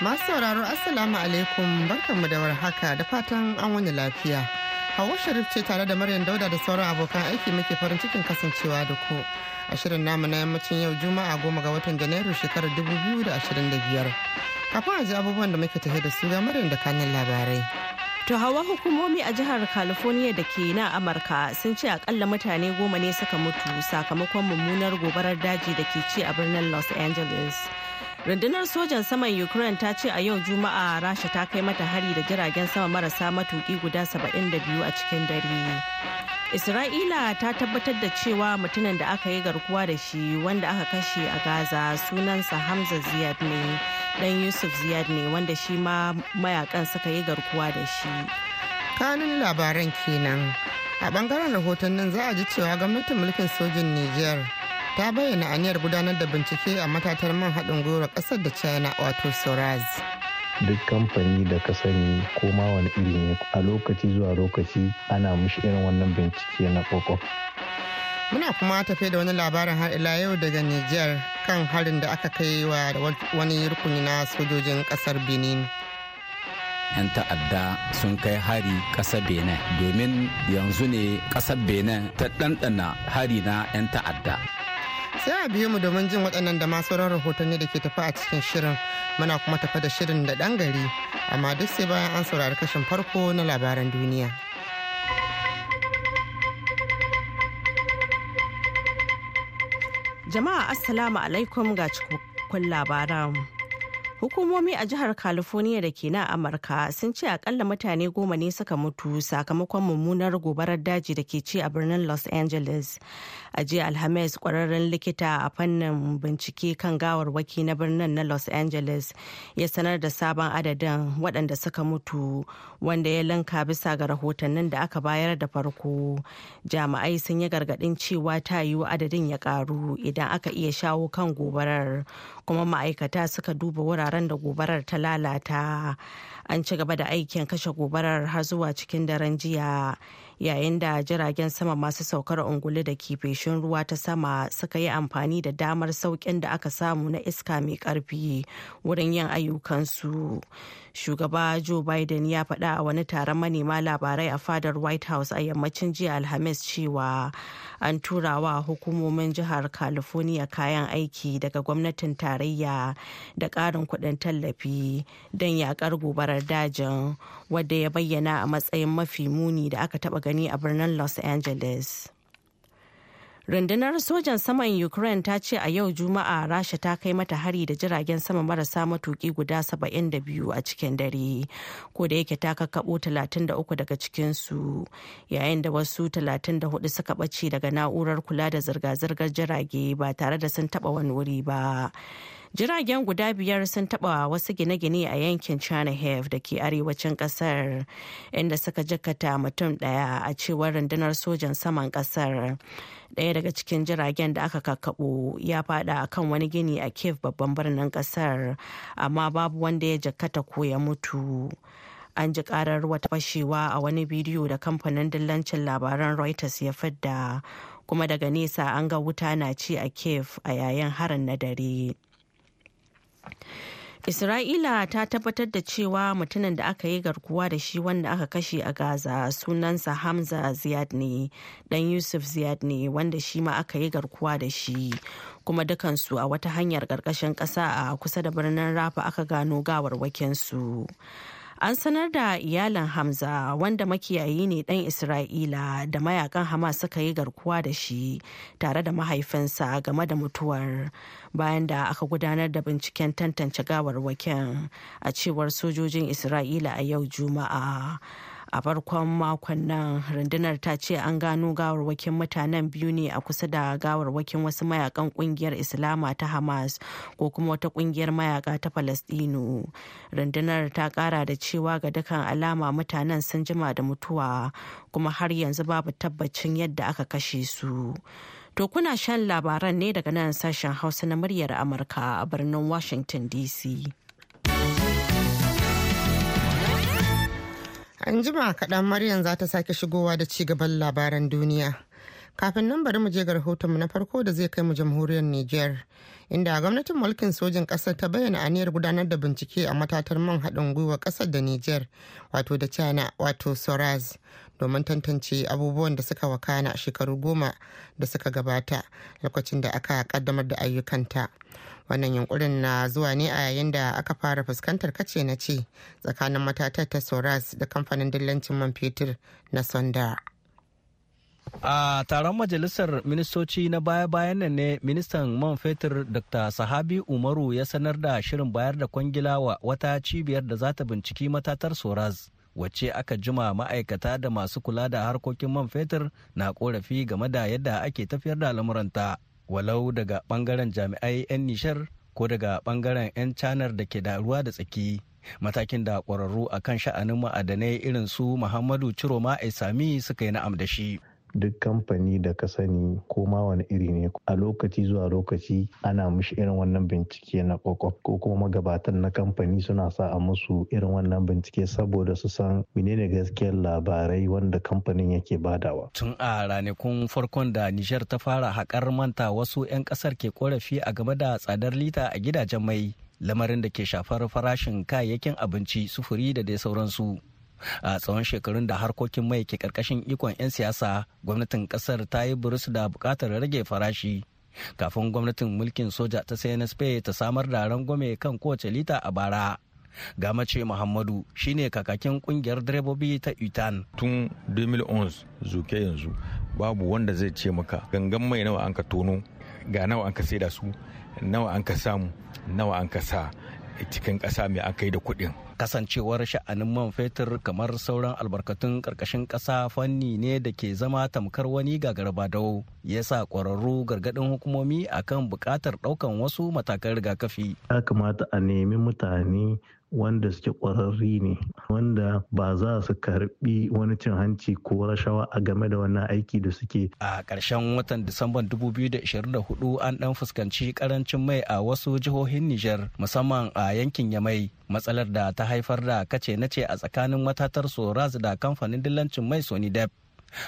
Masu sauraro Assalamu alaikum barkanmu da haka da fatan an wani lafiya. Hawa Sharif ce tare da Maryam Dauda da sauran abokan aiki muke farin cikin kasancewa da ku. A shirin namu na yammacin yau Juma'a goma ga watan Janairu shekarar dubu biyu da da ashirin biyar. Kafin a ji abubuwan da muke tafe da su ga Maryam da kanin labarai. To hawa hukumomi a jihar California da ke na Amurka sun ce akalla mutane goma ne suka mutu sakamakon mummunar gobarar daji da ke ci a birnin Los Angeles. rundunar sojan saman ukraine ta ce a yau juma'a rasha ta kai mata hari da jiragen sama marasa matuki guda 72 a cikin dare isra'ila ta tabbatar da cewa mutumin da aka yi garkuwa da shi wanda aka kashe a gaza sunansa hamza ziyad ne dan yusuf ziyad ne wanda shi ma mayakan suka yi garkuwa da shi kanun labaran kenan a bangaren rahoton nan za a ji cewa gwamnatin mulkin sojin niger ta bayyana aniyar gudanar da bincike a matatar man haɗin gwiwar ƙasar da china wato soraz duk kamfani da ka sani ko ma wani iri ne a lokaci zuwa lokaci ana mushi irin wannan bincike na koko muna kuma tafe da wani labarin har ila yau daga niger kan harin da aka kai wa wani rukuni na sojojin kasar benin 'yan ta'adda sun kai hari ƙasar benin domin yanzu ne ƙasar benin ta ɗanɗana hari na 'yan ta'adda sai a biyo mu domin jin waɗannan da ma sauran rahotanni da ke tafi a cikin shirin muna kuma tafa da shirin da ɗan gari amma duk sai bayan an saurari kashin farko na labaran duniya jama'a assalamu alaikum ga cikakkun labaran Hukumomi a jihar California da ke na Amurka sun ce akalla mutane goma ne suka mutu sakamakon mummunar gobarar daji da ke ci a birnin Los Angeles. A jiya Alhamis kwararren likita a fannin bincike kan gawarwaki na birnin na Los Angeles ya sanar da sabon adadin waɗanda suka mutu wanda ya linka bisa ga rahotannin da aka bayar da farko. Jami'ai sun yi gargaɗin cewa ta yiwu adadin ya ƙaru idan aka iya shawo kan gobarar kuma ma'aikata suka duba wuraren wuraren da gobarar ta lalata an ci gaba da aikin kashe gobarar har zuwa cikin daren jiya yayin da jiragen sama masu saukar ungulu da kifeshin ruwa ta sama suka yi amfani da damar saukin da aka samu na iska mai karfi wurin yin ayyukansu shugaba joe biden ya faɗa a wani taron manema labarai a fadar white house a yammacin jiya alhamis cewa an turawa hukumomin jihar california kayan aiki daga gwamnatin tarayya da ƙarin kuɗin tallafi don yaƙar gobarar dajin wadda ya bayyana a matsayin mafi muni da aka taɓa gani a birnin Los Angeles. Rundunar sojan saman Ukraine ta ce a yau Juma'a Rasha ta kai mata hari da jiragen sama marasa matuki guda 72 a cikin dare, ko da yake ta kakkaɓo 33 daga cikinsu, yayin da wasu 34 suka ɓace daga na'urar kula da zirga-zirgar jirage ba tare da sun taɓa wani wuri ba. Jiragen guda biyar sun taɓa wasu gine-gine a yankin hef da ke arewacin ƙasar inda suka jikata mutum ɗaya a cewar rundunar sojan saman ƙasar. Ɗaya daga cikin jiragen da aka kakkaɓo ya faɗa a kan wani gini a Kiev babban birnin ƙasar amma babu wanda ya jakata ko ya mutu. an ji karar wata fashewa a wani bidiyo da kamfanin dillancin labaran reuters ya fidda kuma daga nesa an ga wuta na ci a kiev a yayin harin na dare Isra'ila ta tabbatar da cewa mutumin da aka yi garkuwa da shi wanda aka kashe a Gaza sunansa Hamza Ziyad ne, dan Yusuf Ziyad ne wanda shi ma aka yi garkuwa da shi. Kuma dukansu a wata hanyar ƙarƙashin ƙasa a kusa da birnin Rafa aka gano gawarwakinsu. su. an sanar da iyalin hamza wanda makiyayi ne dan isra'ila da mayakan hamas suka yi garkuwa da shi tare da mahaifinsa game da mutuwar bayan da aka gudanar da binciken tantance gawarwakin a cewar sojojin isra'ila a yau juma'a a farkon makon nan rundunar ta ce an gano gawarwakin mutanen biyu ne a kusa da gawarwakin wasu mayakan kungiyar islama ta hamas ko kuma wata kungiyar mayaka ta palestino rundunar ta kara da cewa ga dukkan alama mutanen sun jima da mutuwa kuma har yanzu babu tabbacin yadda aka kashe su To kuna shan labaran ne daga nan sashen Hausa na muryar Amurka a birnin Washington DC. An jima kaɗan Maryam za ta sake shigowa da ci gaban labaran duniya. Kafin nan bari mu je ga rahotonmu na farko da zai kai mu jamhuriyar Niger, Inda gwamnatin mulkin sojin ƙasar ta bayyana aniyar gudanar da bincike a matatar man haɗin gwiwa ƙasar da niger wato da China wato Soraz domin tantance abubuwan da suka wakana a shekaru goma da suka gabata lokacin da aka kaddamar da ayyukanta wannan yunkurin na zuwa ne a yayin da aka fara fuskantar kace na ce tsakanin matatar ta soras da kamfanin dillancin man fetur na sonda a taron majalisar ministoci na baya-bayan nan ne ministan man fetur dr sahabi umaru ya sanar da shirin bayar da kwangila wa wata cibiyar da za ta binciki matatar soras wacce aka jima ma'aikata da masu kula da harkokin man fetur na korafi game da yadda ake tafiyar da lamuranta walau daga bangaren jami'ai 'yan nishar ko daga bangaren 'yan canar da ke da ruwa da tsaki matakin da kwararru akan sha'anin ma'adanai irin su muhammadu ciroma sami suka yi na'am da shi duk kamfani da ka sani ko ma wani iri ne a lokaci zuwa lokaci ana mishi irin wannan bincike na kwakwa ko kuma magabatan na kamfani suna sa a musu irin wannan bincike saboda su san menene gaskiyar labarai wanda kamfanin yake badawa tun a ranakun farkon da nijar ta fara haƙar manta wasu 'yan ƙasar ke korafi a game da tsadar lita a gidajen mai lamarin da ke shafar farashin kayayyakin abinci sufuri da dai sauransu a tsawon shekarun da harkokin mai ke karkashin ikon 'yan siyasa gwamnatin kasar ta yi burus da bukatar rage farashi kafin gwamnatin mulkin soja ta cnsp ta samar da rangwame kan kowace lita a bara gamace muhammadu shine kakakin kungiyar direbobi ta utan tun 2011 zuke yanzu babu wanda zai ce maka gangan mai nawa an ka tono ga nawa an ka saida su nawa an ka samu nawa an ka sa cikin kasa mai an kai da kuɗin kasancewar sha'anin man fetur kamar sauran albarkatun ƙarƙashin ƙasa fanni ne da ke zama tamkar wani dau ya sa ƙwararru gargadin hukumomi akan bukatar ɗaukan wasu matakan rigakafi ya kamata a nemi mutane wanda suke ƙwararri ne wanda ba za su karbi wani cin hanci ko rashawa a game da wannan aiki da suke. A ƙarshen watan Disamban 2024 an dan fuskanci karancin mai a wasu jihohin Nijar musamman a yankin Yamai matsalar da ta haifar da kace nace a tsakanin matatar Soraz da kamfanin dillancin mai sony dep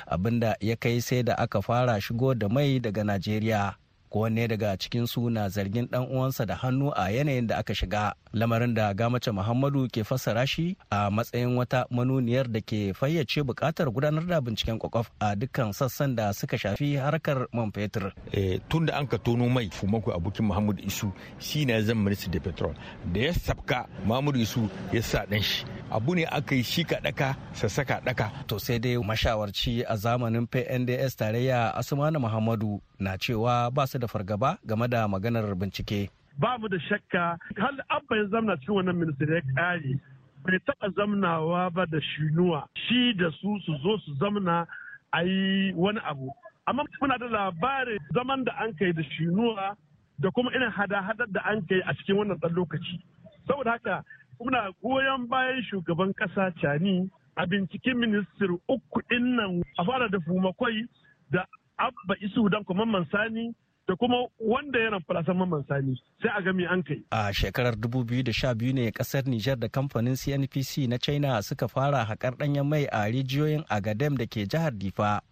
abinda ya kai sai da aka fara shigo da mai daga Najeriya. ne daga cikin su na zargin dan uwansa da hannu a yanayin da aka shiga. lamarin da gamace muhammadu ke fassara shi a matsayin wata manuniyar da ke fayyace bukatar gudanar da binciken kwakwaf a dukkan sassan da suka shafi harkar man fetur eh, tun da an ka tono mai fumaku abokin muhammadu isu shi na zan minista da petrol da ya sabka muhammadu isu ya sa dan shi abu ne aka yi shi sa sassaka ɗaka to sai dai mashawarci a zamanin pnds tarayya asumana muhammadu na cewa ba su da fargaba game da maganar bincike ba mu da shakka hal abba ya zamna cikin wannan ministry ya kare bai taɓa zamnawa ba da shinuwa shi da su su zo su zamna a yi wani abu amma muna da labarin zaman da an kai da shinuwa da kuma irin hada-hadar da an kai a cikin wannan ɗan lokaci saboda haka muna goyon bayan shugaban ƙasa cani a binciken ministir uku ɗin nan a fara da fumakwai da abba isu dan kuma sani da kuma wanda ya ramfara mamman sani sai a gami an kai. A shekarar 2012 ne kasar Nijar da kamfanin CNPC na China suka fara haƙar ɗanyen mai a rijiyoyin Agadem da ke jihar Difa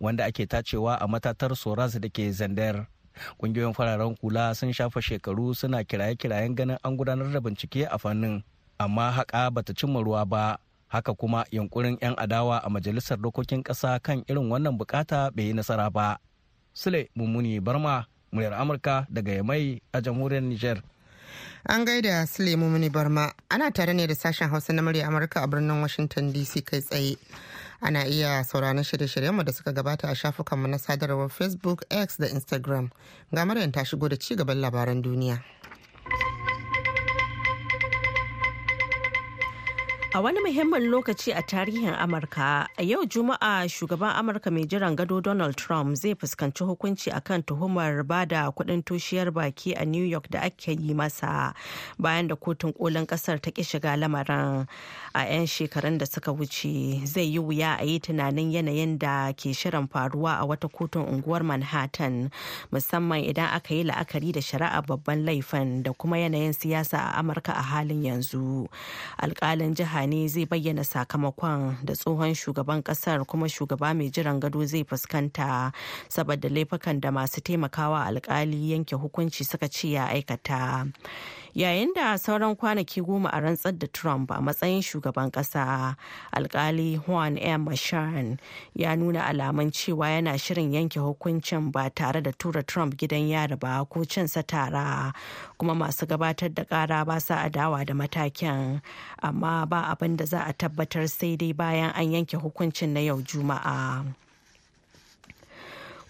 wanda ake tacewa a matatar Soras da ke zander Ƙungiyoyin fararen kula sun shafa shekaru suna kiraye-kirayen ganin an gudanar da bincike a fannin, amma haƙa bata cimma ruwa ba. haka kuma yunkurin 'yan adawa a majalisar dokokin ƙasa kan irin wannan bukata bai yi nasara ba Sule Mummuni Barma, muryar Amurka daga Yamai a jamhuriyar Nijar. An gaida Sule Mummuni Barma, ana tare ne da sashen Hausa na murya Amurka a birnin Washington DC kai tsaye. ana iya sauraron shirye-shiryenmu da suka gabata a shafukanmu na sadarwar facebook x da instagram ga ta shigo da ci gaban labaran duniya. A wani muhimmin lokaci a tarihin Amurka, a yau Juma'a shugaban Amurka mai jiran gado Donald Trump zai fuskanci hukunci a kan tuhumar bada kudin toshiyar baki a New York da ake yi masa bayan da kotun kolin ƙasar ta ki shiga lamarin a 'yan shekarun da suka wuce zai yi wuya a yi tunanin yanayin da ke shirin faruwa a wata kotun unguwar Manhattan musamman idan aka yi la'akari da shari'a babban laifin da kuma yanayin siyasa a Amurka a halin yanzu. Alkalin jiha ne zai bayyana sakamakon da tsohon shugaban kasar kuma shugaba mai jiran gado zai fuskanta saboda laifukan da masu taimakawa alkali yanke hukunci suka ce ya aikata yayin da sauran kwanaki goma a rantsar da trump a matsayin shugaban kasa alkali juan m mashan ya nuna alaman cewa yana shirin yanke hukuncin ba tare da tura trump gidan yari ba ko cinsa tara kuma masu gabatar da kara ba sa adawa da matakin amma ba abin da za a tabbatar sai dai bayan an yanke hukuncin na yau juma'a.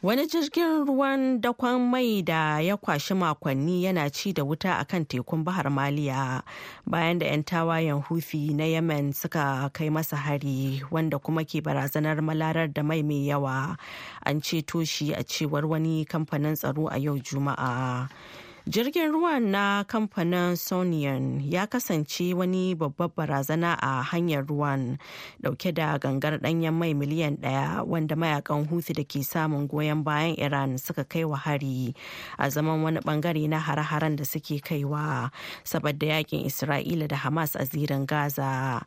Wani jirgin ruwan dakon mai da ya kwashi makonni yana ci da wuta a kan tekun Bahar Maliya bayan da 'yan tawayen hufi na Yemen suka kai masa hari wanda kuma ke barazanar malarar da mai mai yawa. An ceto shi a cewar wani kamfanin tsaro a yau Juma'a. jirgin ruwa na kamfanin sonian ya kasance wani babbar barazana a hanyar ruwan dauke da gangar danyen mai miliyan daya wanda mayakan hutu da ke samun goyon bayan iran suka kai wa hari a zaman wani bangare na hare-haren da suke kaiwa saboda yakin isra'ila da hamas a zirin gaza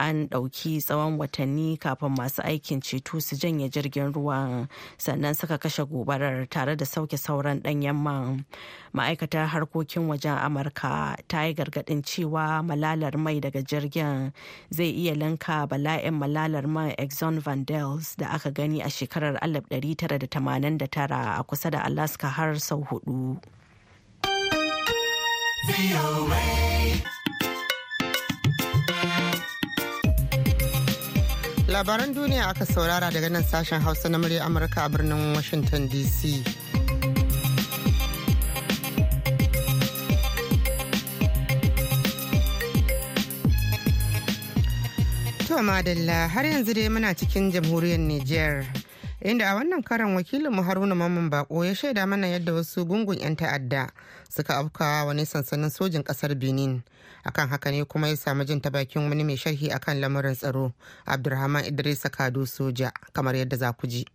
an ɗauki tsawon watanni kafin masu aikin ceto su janye jirgin ruwan sannan suka kashe gobarar tare da sauke sauran ɗanyen man ma'aikatar harkokin wajen amurka ta yi gargadin cewa malalar mai daga jirgin zai iya linka bala'in malalar man exxon vandals da aka gani a shekarar 1989 a kusa da alaska har sau hudu labaran duniya aka saurara daga nan sashen hausa na murya amurka a birnin washington dc To madalla har yanzu dai muna cikin jamhuriyar Nijar. Inda a wannan karan wakilin mu Haruna Mamman Bako ya shaida mana yadda wasu gungun 'yan ta'adda suka afkawa wani sansanin sojin kasar Benin. Akan haka ne kuma ya samu jin ta bakin wani mai sharhi akan lamarin tsaro Abdulrahman idris Kado Soja kamar yadda za ku ji.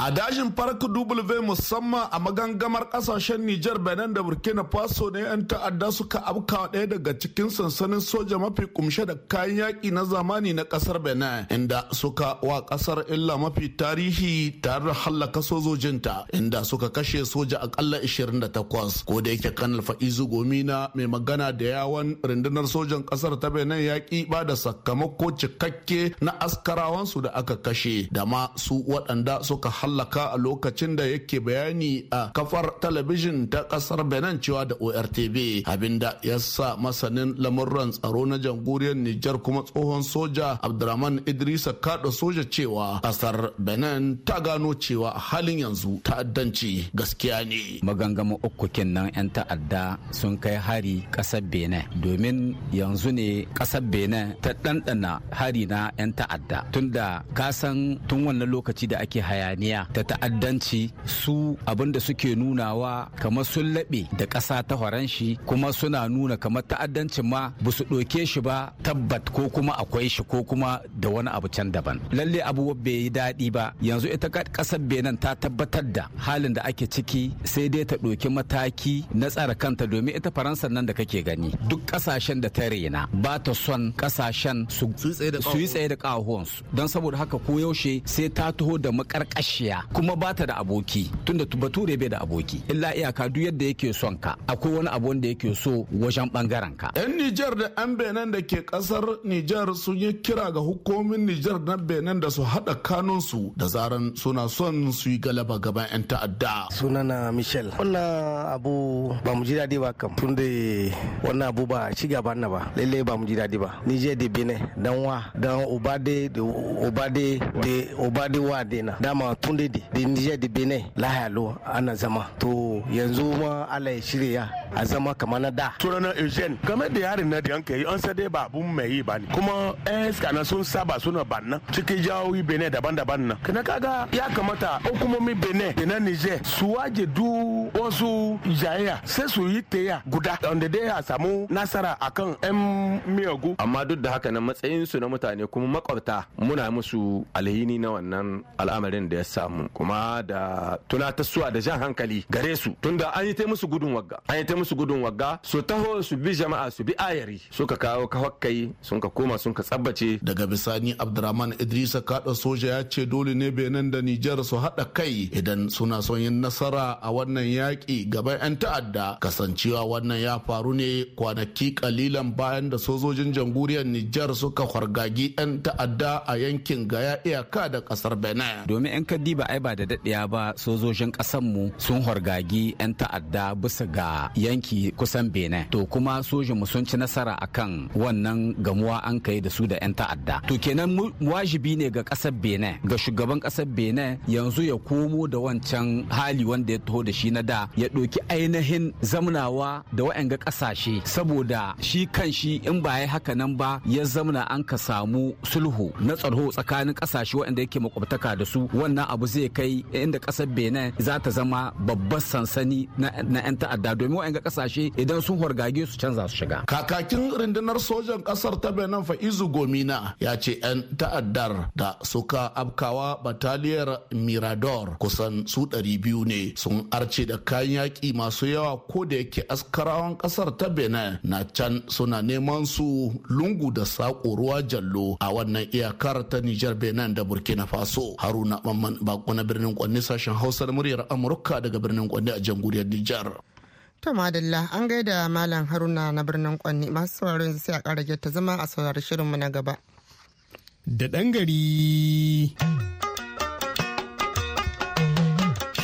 a dajin park w musamman a magangamar kasashen niger benin da burkina faso ne 'yan ta'adda suka abka ɗaya daga cikin sansanin soja mafi kumshe da kayan yaƙi na zamani na ƙasar benin inda suka wa ƙasar illa mafi tarihi tare da hallaka sojojinta inda suka kashe soja akalla 28 ko da yake kanal fa'izu gomina mai magana da yawan rundunar sojan ƙasar ta benin yaƙi ba da sakamako cikakke na askarawansu da aka kashe da ma su waɗanda suka hallaka a lokacin da yake bayani a kafar talabijin ta kasar benin cewa da ortb abinda ya sa masanin lamurran tsaro na jamhuriyar nijar kuma tsohon soja abdurrahman idrisa kada soja cewa kasar benin ta gano cewa halin yanzu ta'addanci gaskiya ne magangamu uku kenan 'yan ta'adda sun kai hari kasar benin domin yanzu ne kasar benin ta ɗanɗana hari na 'yan ta'adda tunda kasan tun wannan lokaci da ake hayaniya duniya ta ta'addanci su abin da suke nunawa kamar sun laɓe da ƙasa ta faranshi kuma suna nuna kamar ta'addancin ma ba su ɗauke shi ba tabbat ko kuma akwai shi ko kuma da wani abu can daban lalle abubuwa bai yi daɗi ba yanzu ita ƙasar benin ta tabbatar da halin da ake ciki sai dai ta ɗauki mataki na tsara kanta domin ita faransa nan da kake gani duk ƙasashen da ta rena ba ta son ƙasashen su yi tsaye da ƙahuwansu don saboda haka ko yaushe sai ta taho da makarƙashiya masoya kuma ba ta da aboki tunda bature bai da aboki illa iyaka duk yadda yake son ka akwai wani abu wanda yake so wajen bangaren ka yan Nijar da yan Benin da ke kasar Nijar sun yi kira ga hukumomin Nijar na Benin da su hada kanun su da zaran suna son su yi galaba gaban yan ta'adda sunana Michel wannan abu ba mu ji dadi ba kam tunda wannan abu ba ci gaba na ba lalle ba mu ji dadi ba Nijar da Benin dan wa dan ubade da ubade da obade wa dena dama tun dai da Niger da Benin lahalo ana zama to yanzu ma Allah ya shirya a zama kamar na da sunana Eugene game da yarin na da yanka yi an sadai ba abun mai yi bane kuma eska na sun saba suna banna cikin jawoyi Benin daban-daban na kana kaga ya kamata hukumomin Benin da na Niger su waje du wasu jayayya sai su yi taya guda wanda dai a samu nasara akan 'yan miyagu amma duk da haka na matsayinsu na mutane kuma makwabta muna musu alhini na wannan al'amarin da ya sa samu kuma da tunatarsuwa da jan hankali gare su tunda an yi ta musu gudun wagga an yi ta musu gudun wagga su taho su bi jama'a su bi ayari suka kawo kawakkai sun ka koma sun ka tsabbace daga bisani abdurrahman idrisa kaɗa soja ya ce dole ne benin da nijar su haɗa kai idan suna son yin nasara a wannan yaƙi gaban 'yan ta'adda kasancewa wannan ya faru ne kwanaki kalilan bayan da sojojin jamhuriyar nijar suka kwargagi 'yan ta'adda a yankin gaya iyaka da ƙasar benin domin 'yan ba ai ba da daɗiya ba sojojin mu sun horgagi 'yan ta'adda bisa ga yanki kusan benin to kuma mu sun ci nasara akan wannan gamuwa an kai da su da 'yan ta'adda to kenan wajibi ne ga kasar benin ga shugaban kasar benin yanzu ya komo da wancan hali wanda ya taho da shi na da ya ɗauki ainihin zamnawa da wa'yanga ƙasashe saboda shi kan shi in ba ya haka nan ba ya zamna an ka samu sulhu na tsaro tsakanin ƙasashe waɗanda yake makwabtaka da su wannan abu zai kai inda kasar benin za ta zama babban sansani na 'yan ta'adda domin wa'yan kasashe idan sun horgage su canza su shiga kakakin rundunar sojan kasar ta benin fa'izu gomina ya ce 'yan ta'addar da suka afkawa bataliyar mirador kusan su ɗari biyu ne sun arce da kayan yaƙi masu yawa ko da yake askarawan kasar ta benin na can suna neman su lungu da saƙo ruwa jallo a wannan iyakar ta nijar benin da burkina faso haruna mamman bako na birnin kwanne sashen hausa da muryar amurka daga birnin kwanne a jamhuriyar nijar to madalla an gaida malam haruna na birnin kwanne masu sauraron yanzu sai a kara ta zama a saurari shirinmu na gaba da ɗan gari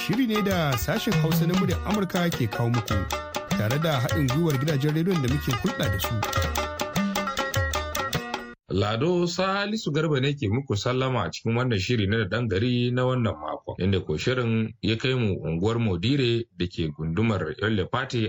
shiri ne da sashen hausa na muryar amurka ke kawo muku tare da haɗin gwiwar gidajen rediyon da muke hulɗa da su Lado Salisu Garba ne ke muku sallama a cikin wannan shiri na da gari na wannan makon, inda ko shirin ya kai mu unguwar Modire da ke gundumar Yolle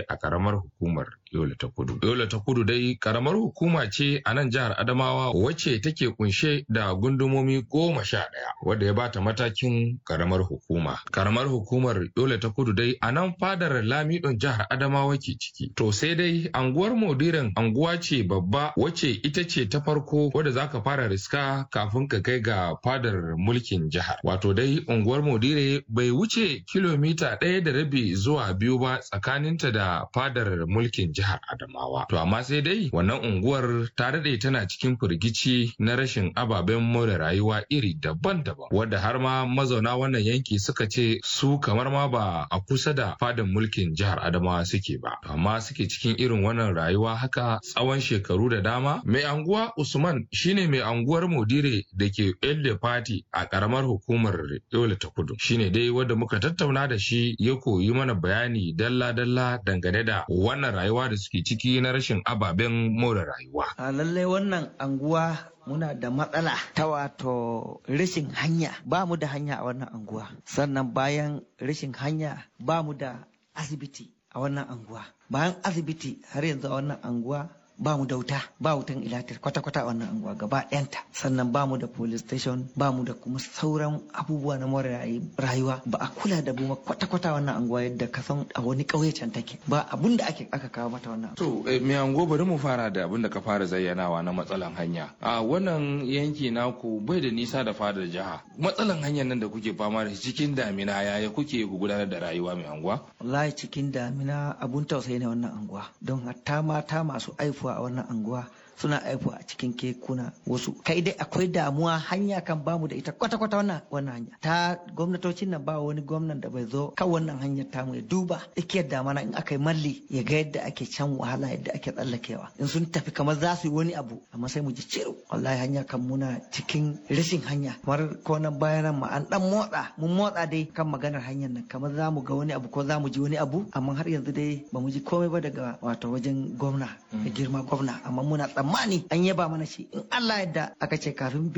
a karamar hukumar Yola ta Kudu. Yola ta Kudu dai karamar hukuma ce a nan jihar Adamawa wacce take kunshe da gundumomi goma sha ɗaya wadda ya bata matakin karamar hukuma. Karamar hukumar Yola ta Kudu dai a nan fadar Lamidon jihar Adamawa ke ciki. To sai dai anguwar Modiran anguwa ce babba wacce ita ce ta farko wadda ka fara riska kafin ka kai ga fadar mulkin jihar. Wato dai unguwar Modire bai wuce kilomita ɗaya da rabi zuwa biyu ba tsakaninta da fadar mulkin jihar. jihar Adamawa. To amma sai dai wannan unguwar ta daɗe tana cikin firgici na rashin ababen more rayuwa iri daban-daban wadda har ma mazauna wannan yanki suka ce su kamar ma ba a kusa da fadin mulkin jihar Adamawa suke ba. Amma suke cikin irin wannan rayuwa haka tsawon shekaru da dama. Mai anguwa Usman shine mai anguwar Modire da ke Elde Party a ƙaramar hukumar Yola ta Kudu. Shine dai wadda muka tattauna da shi ya koyi mana bayani dalla-dalla dangane da wannan rayuwa da suke ciki na rashin ababen more rayuwa. A lallai wannan anguwa muna da matsala ta wato rashin hanya ba mu da hanya a wannan anguwa sannan bayan rashin hanya ba mu da asibiti a wannan anguwa bayan asibiti har yanzu a wannan anguwa ba mu da wuta ba wutan ilatar kwata-kwata a wannan anguwa gaba ɗayanta sannan ba mu da police station ba mu da kuma sauran abubuwa na more rayuwa ba a kula da buma kwata-kwata wannan anguwa yadda ka san a wani ƙauye can take ba abun da ake aka kawo mata wannan to eh, me ango bari mu fara da abun da ka fara zayyanawa na matsalan hanya a wannan yanki naku bai da nisa da fadar jiha matsalan hanyar nan da kuke fama da cikin damina yaya kuke gudanar da rayuwa mai anguwa wallahi cikin damina abun tausayi ne wannan anguwa don hatta mata masu aifu fois ở angwa suna haihuwa a cikin kekuna wasu kai dai akwai damuwa hanya kan bamu da ita kwata kwata wannan wannan hanya ta gwamnatocin nan ba wani gwamnan da bai zo kan wannan hanyar tamu ya duba da damana in aka yi malli ya ga yadda ake can wahala yadda ake tsallakewa in sun tafi kamar za su yi wani abu amma sai mu ji ciro wallahi hanya kan muna cikin rashin hanya kamar ko nan bayan ma an dan motsa mun motsa dai kan maganar hanyar nan kamar za mu ga wani abu ko za mu ji wani abu amma har yanzu dai ba mu ji komai ba daga wato wajen gwamna mm. girma gwamna amma muna tsammanin tsammani an yaba mana shi in Allah yadda aka ce kafin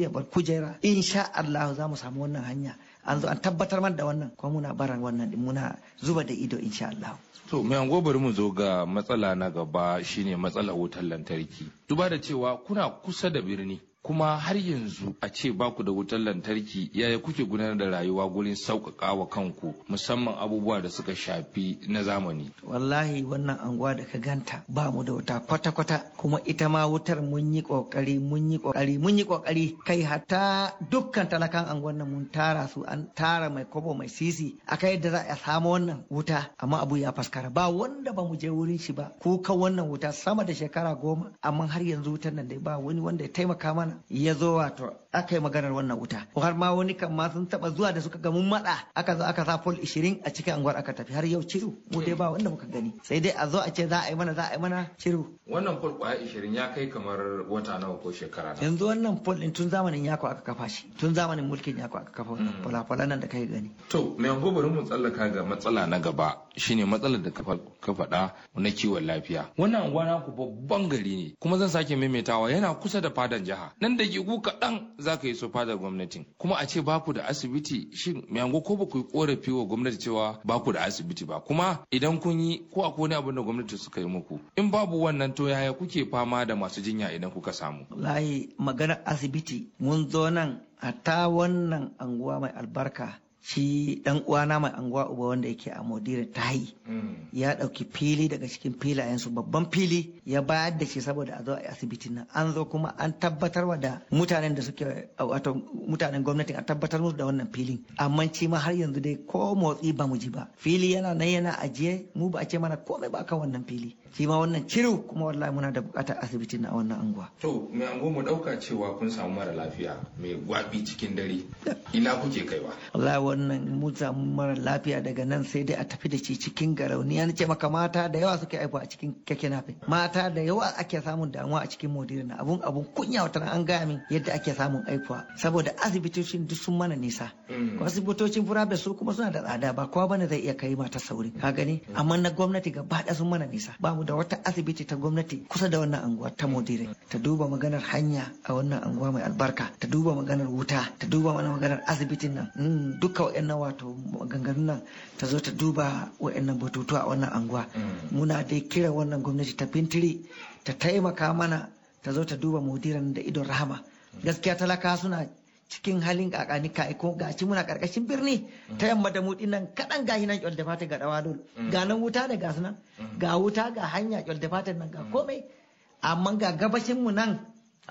ya bar kujera insha Allah za mu samu wannan hanya an zo an tabbatar mana da wannan kuma muna baran wannan din muna zuba da ido insha Allah to mai an bari mu zo ga matsala na gaba shine matsalar wutar lantarki duba da cewa kuna kusa da birni kuma har yanzu a ce ba ku da wutar lantarki yaya kuke gudanar da rayuwa gurin sauƙaƙa wa kanku musamman abubuwa da suka shafi na zamani. Wallahi wannan anguwa da ka ganta ba mu da wuta kwata-kwata kuma ita ma wutar mun yi ƙoƙari mun yi ƙoƙari mun yi ƙoƙari kai hatta dukkan talakan anguwan nan mun tara su an tara mai kobo mai sisi a kai yadda za a samu wannan wuta amma abu ya faskara ba wanda ba mu je wurin shi ba kuka wannan wuta sama da shekara goma amma har yanzu wutar nan dai ba wani wanda ya taimaka mana ya zo wato aka yi maganar wannan wuta ko har ma wani kan ma sun taba zuwa da suka ga mun mada aka zo aka sa pol 20 a cikin anguwar aka tafi har yau ciru mu dai ba wanda muka gani sai dai a zo a ce za a yi mana za a yi mana ciru wannan pol kwaya 20 ya kai kamar wata nawa ko shekara yanzu wannan pol din tun zamanin yako aka kafa shi tun zamanin mulkin yako aka kafa wannan hmm. falafalan nan da kai gani to mai yango bari mu tsallaka ga matsala na gaba shine matsalar da ka faɗa na kiwon lafiya wannan anguwa ku babban gari ne kuma zan sake maimaitawa yana kusa da fadan jiha nan da ku kaɗan za ka yi sofa da gwamnatin kuma a ce ba ku da asibiti shin yango ko ba ku yi korafi wa gwamnati cewa ba ku da asibiti ba kuma idan kun yi ko a wani abin da gwamnati suka yi muku in babu wannan to yaya kuke fama da masu jinya idan kuka samu layi maganar asibiti mun zo nan a ta wannan anguwa mai albarka shi dan uwana mai anguwa uba wanda yake a modira tahi mm. ya dauki fili daga cikin filayensu babban fili ya bayar da shi saboda a zo a asibitin nan an zo kuma an tabbatar da mutanen da suke wato mutanen gwamnati a tabbatar musu da wannan filin amma ci ma har yanzu dai ko motsi ba mu ji ba fili yana nan yana ajiye mu ba a ce mana komai ba kan wannan fili shi ma wannan kiru kuma wallahi muna da bukatar asibitin na wannan anguwa to mai anguwa mu dauka cewa kun samu mara lafiya mai gwabi cikin dare ina kuke kaiwa wallahi wannan mu samu mara lafiya daga nan sai dai a tafi da shi cikin garauni ya ce maka mata da yawa suke aiko a cikin keke nafe mata da yawa ake samun damuwa a cikin modiri na abun abun kunya wata an gaya min yadda ake samun aikuwa saboda asibitocin duk sun mana nisa mm. asibitocin private su kuma suna da tsada ba kowa bane zai iya kai mata sauri ka gani mm. amma na gwamnati gaba sun mana nisa ba da wata asibiti ta gwamnati kusa da wannan anguwa ta modire ta duba maganar hanya a wannan anguwa mai albarka ta duba maganar wuta ta duba mana maganar asibitin nan mm, duka wa'annan wato maganganun nan ta zo ta duba wa'annan batutu a wannan anguwa mm. muna dai kira wannan gwamnati ta fintiri ta taimaka mana ta zo ta duba modiran da idon rahama mm. gaskiya talaka suna cikin halin kakani ka ko gashi muna karkashin birni ta yamma da mudin nan kadan gashi nan kyol da fata ga dawa dole mm. ga nan wuta da gas nan mm. ga wuta ga hanya kyol da fata nan ga mm. komai amma ga gabashin mu nan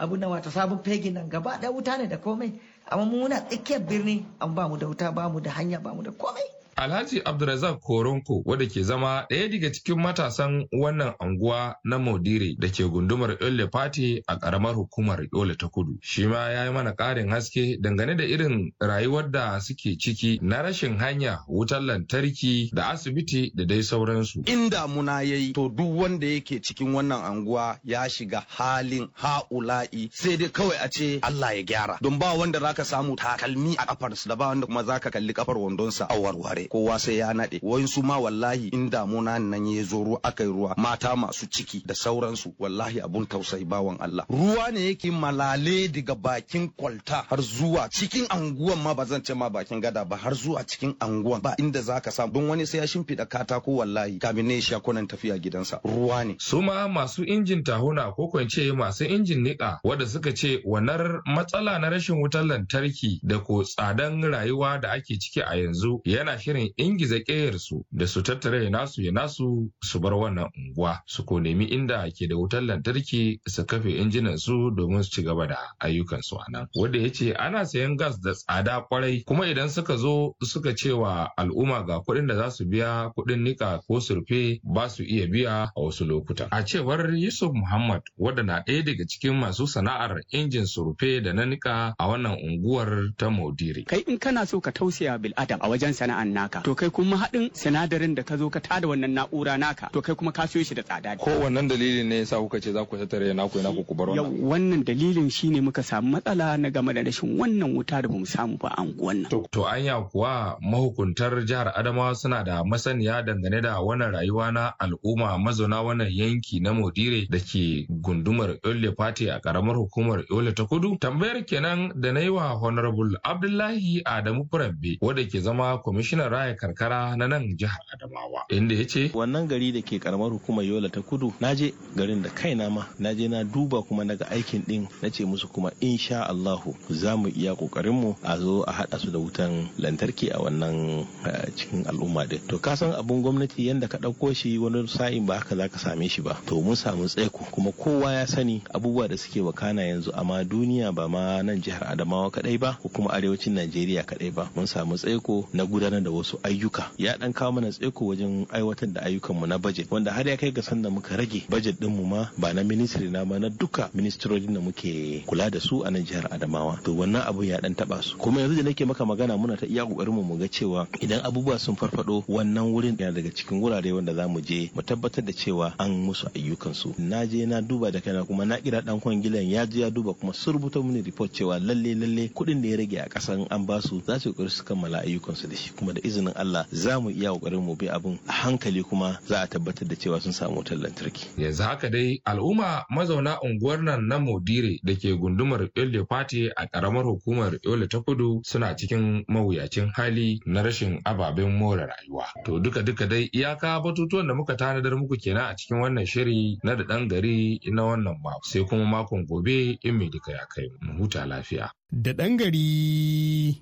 abu na wata sabon fegi nan gaba da wuta ne da komai amma mu muna tsakiyar birni amma ba mu da wuta ba mu da hanya ba mu da komai Alhaji Abdulrazak Koronko wadda ke zama ɗaya daga cikin matasan wannan anguwa na Modire da ke gundumar Yole Fati a ƙaramar hukumar Yole ta Kudu. Shi ma ya yi mana ƙarin haske dangane da irin rayuwar da suke ciki na rashin hanya, wutar lantarki da asibiti da dai sauransu. In damuna ya yi to duk wanda yake cikin wannan anguwa ya shiga halin ha'ula'i sai dai kawai a ce Allah ya gyara. Don ba wanda zaka samu takalmi a kafarsu, da ba wanda kuma zaka kalli kafar wandonsa a warware. kowa sai ya naɗe su ma wallahi in damuna nan ya zo ruwa aka yi ruwa mata masu ciki da sauransu wallahi abun tausayi bawan Allah ruwa ne yake malale daga bakin kwalta har zuwa cikin anguwan ma ba zan ce ma bakin gada ba har zuwa cikin anguwan ba inda zaka samu don wani sai ya shimfiɗa katako wallahi kamin ne ya sha kunan tafiya gidansa ruwa ne su ma masu injin tahuna ko kwance masu injin niƙa wanda suka ce wannan matsala na rashin wutar lantarki da ko tsadan rayuwa da ake ciki a yanzu yana shirin shirin ingiza ƙeyarsu da su tattara ya nasu ya nasu su bar wannan unguwa su ko nemi inda ke da wutar lantarki su kafe injinan su domin su ci gaba da ayyukansu a nan wanda ya ce ana sayan gas da tsada kwarai kuma idan suka zo suka ce wa al'umma ga kuɗin da za su biya kuɗin nika ko surfe ba su iya biya a wasu lokuta. a cewar yusuf muhammad wadda na ɗaya daga cikin masu sana'ar injin surfe da na nika a wannan unguwar ta maudiri kai in kana so ka tausaya bil adam a wajen sana'an naka to kai kuma haɗin sinadarin da ka zo ka tada wannan na'ura naka to kai kuma ka siyo shi da tsada ko wannan dalilin ne yasa kuka ce za ku tattare naku ina ku bar wannan wannan dalilin shine muka samu matsala na game da rashin wannan wuta da bamu samu ba a unguwan nan to anya kuwa mahukuntar jihar Adamawa suna da masaniya dangane da wannan rayuwa na al'umma mazauna wannan yanki na Modire da ke gundumar Yole Fati a karamar hukumar Yole ta Kudu tambayar kenan da na yi wa Honorable Abdullahi Adamu Kurabbe wanda ke zama kwamishinar raya karkara na nan jihar Adamawa inda ya ce wannan gari da ke karamar hukumar Yola ta Kudu na je garin da kaina ma naje na duba kuma naga aikin din nace musu kuma insha Allahu za mu iya kokarin mu a zo a haɗa su da wutan lantarki a wannan eh, cikin al'umma din to ka san abun gwamnati yanda ka ɗauko shi wani sa'in ba haka zaka same shi ba to mun samu tsaiko kuma kowa ya sani abubuwa da suke wakana yanzu amma duniya ba ma nan jihar Adamawa kadai ba ko kuma arewacin Najeriya kadai ba mun samu tsaiko na gudanar da wasu ayyuka ya dan kawo mana tsaiko wajen aiwatar da ayyukanmu na budget wanda har ya kai ga sanda muka rage budget din mu ma ba na ministry na ma na duka ministrojin da muke kula da su a nan jihar Adamawa to wannan abu ya dan taba su kuma yanzu da nake maka magana muna ta iya kokarin mu ga cewa idan abubuwa sun farfado wannan wurin yana daga cikin wurare wanda zamu je mu tabbatar da cewa an musu ayyukan su na je na duba da kaina kuma na kira dan kwangilan ya je ya duba kuma sun rubuta mini report cewa lalle lalle kuɗin da ya rage a kasan an ba su za su kokari su kammala ayyukan su da shi kuma da izinin Allah za mu iya kokarin mu bi abin a hankali kuma za a tabbatar da cewa sun samu wutar lantarki yanzu haka dai al'umma mazauna unguwar nan na Modire da ke gundumar Yole Fati a karamar hukumar Yole ta Kudu suna cikin mawuyacin hali na rashin ababen more rayuwa to duka duka dai iyaka batutuwan da muka tanadar muku kenan a cikin wannan shiri na da dan gari na wannan mako sai kuma makon gobe in mai duka ya kai mu huta lafiya da ɗan gari.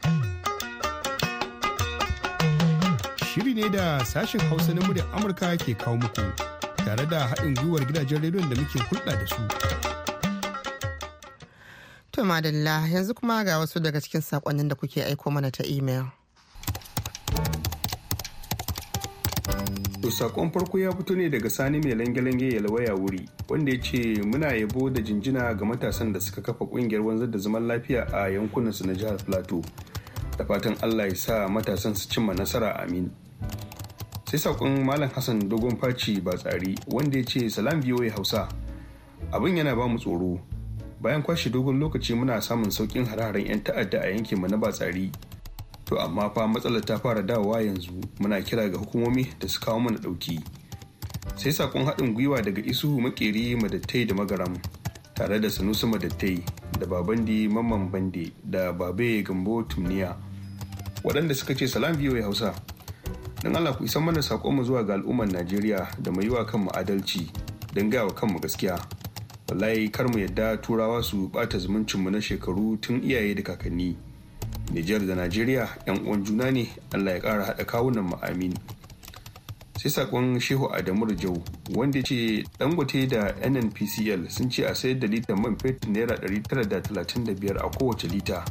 shiri ne da sashen hausa na muryar amurka ke kawo muku tare da haɗin gwiwar gidajen rediyon da muke hulɗa da su to madalla yanzu kuma ga wasu daga cikin saƙonnin da kuke aiko mana ta imel To sakon farko ya fito ne daga sani mai lange-lange ya lawaya wuri wanda ya ce muna yabo da jinjina ga matasan da suka kafa kungiyar wanzar da zaman lafiya a yankunan su na jihar Plateau da fatan allah ya sa matasan su cimma nasara amin sai saƙon malam hassan dogon faci ba tsari wanda ya ce salam biyo ya hausa abin yana ba mu tsoro bayan kwashe dogon lokaci muna samun sauƙin hararen 'yan ta'adda a mu na ba tsari to amma fa matsalar ta fara dawowa yanzu muna kira ga hukumomi da su kawo mana ɗauki sai saƙon haɗin gwiwa daga isu makeri madattai da magaram tare da sanusi madattai da babandi mamman bande da babe gambo tumniya waɗanda suka ce salam ya hausa don allah ku isan mana saƙo mu zuwa ga al'ummar najeriya da mai yiwa kanmu adalci don gaya wa kanmu gaskiya wallahi kar mu yadda turawa su ɓata zumuncinmu na shekaru tun iyaye da kakanni nijar da najeriya yan uwan juna ne allah ya kara haɗa kawunan mu amin sai saƙon shehu adamu rajau wanda ce dangote da nnpcl sun ce a sayar da litan man fetur naira ɗari tara da da talatin biyar a kowace lita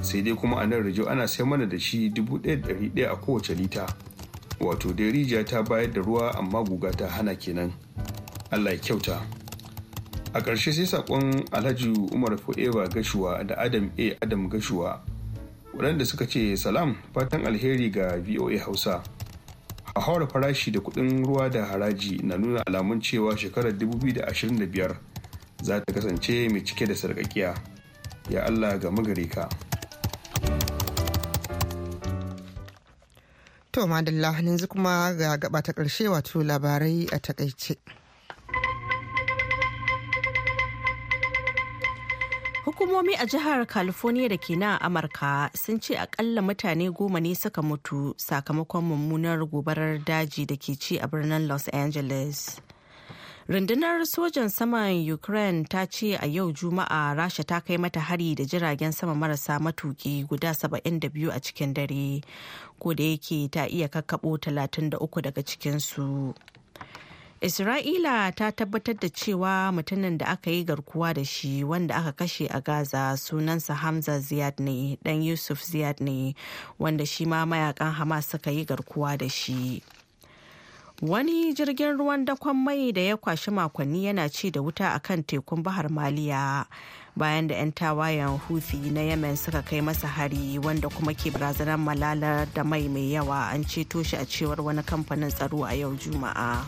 sai dai kuma a nan rijo ana sai mana da shi dubu ɗaya a kowace lita wato dai rijiya ta bayar da ruwa amma guga ta hana kenan allah ya kyauta a ƙarshe sai saƙon alhaji umar fo'eva gashuwa da adam a adam gashuwa waɗanda suka ce salam fatan alheri ga voa hausa a haura farashi da kuɗin ruwa da haraji na nuna alamun cewa shekarar da 2025 za ta kasance mai cike da sarƙaƙiya ya allah ga magare ka To madalla yanzu kuma ga gaba ta ƙarshe wato labarai a takaice. Hukumomi a jihar California da ke nan Amurka sun ce akalla mutane goma ne suka mutu sakamakon mummunar gobarar daji da ke ci a birnin Los Angeles. rundunar sojan saman ukraine ta ce a yau juma'a rasha ta kai mata hari da jiragen sama marasa matuki guda 72 a cikin dare ko da yake ta iya kakkabo 33 daga cikinsu isra'ila ta tabbatar da cewa mutumin da aka yi garkuwa da shi wanda aka kashe a gaza sunansa hamza ziyad ne dan yusuf ziyad ne wanda shi ma mayakan hamas suka yi garkuwa da shi wani jirgin ruwan dakon mai da ya kwashi makonni yana ci da wuta a kan tekun bahar maliya bayan da 'yan tawayen houthi na yemen suka kai masa hari wanda kuma ke barazanar malala da mai mai yawa an ceto shi a cewar wani kamfanin tsaro a yau juma'a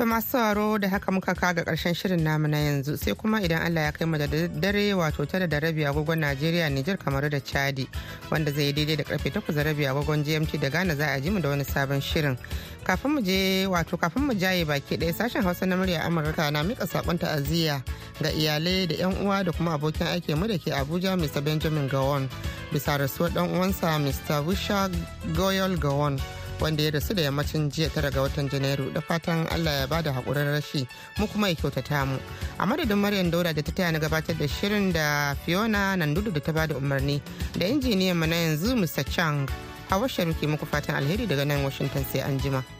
To masu sauraro da haka muka kaga karshen shirin namu na yanzu sai kuma idan Allah ya kai mu da dare wato tara da rabi agogon Najeriya Nijar kamar da Chadi wanda zai daidai da karfe 8 da rabi agogon GMT da Ghana za a ji mu da wani sabon shirin. Kafin mu je wato kafin mu jaye baki ɗaya sashen Hausa na murya Amurka na mika sakon ta'aziyya ga iyalai da yan uwa da kuma abokin aiki mu da ke Abuja Mr Benjamin Gawon bisa rasuwar dan uwansa Mr busha Goyal Gawon. wanda ya rasu da yammacin jiya tara ga watan janairu da fatan allah ya bada haƙurin rashi mu kuma ya kyautata mu a madadin maryam daura da ta taya na gabatar da shirin da fiona nandudu da ta bada umarni da injiniyan mu na yanzu mr chang hawa sharuki muku fatan alheri daga nan washington sai an jima.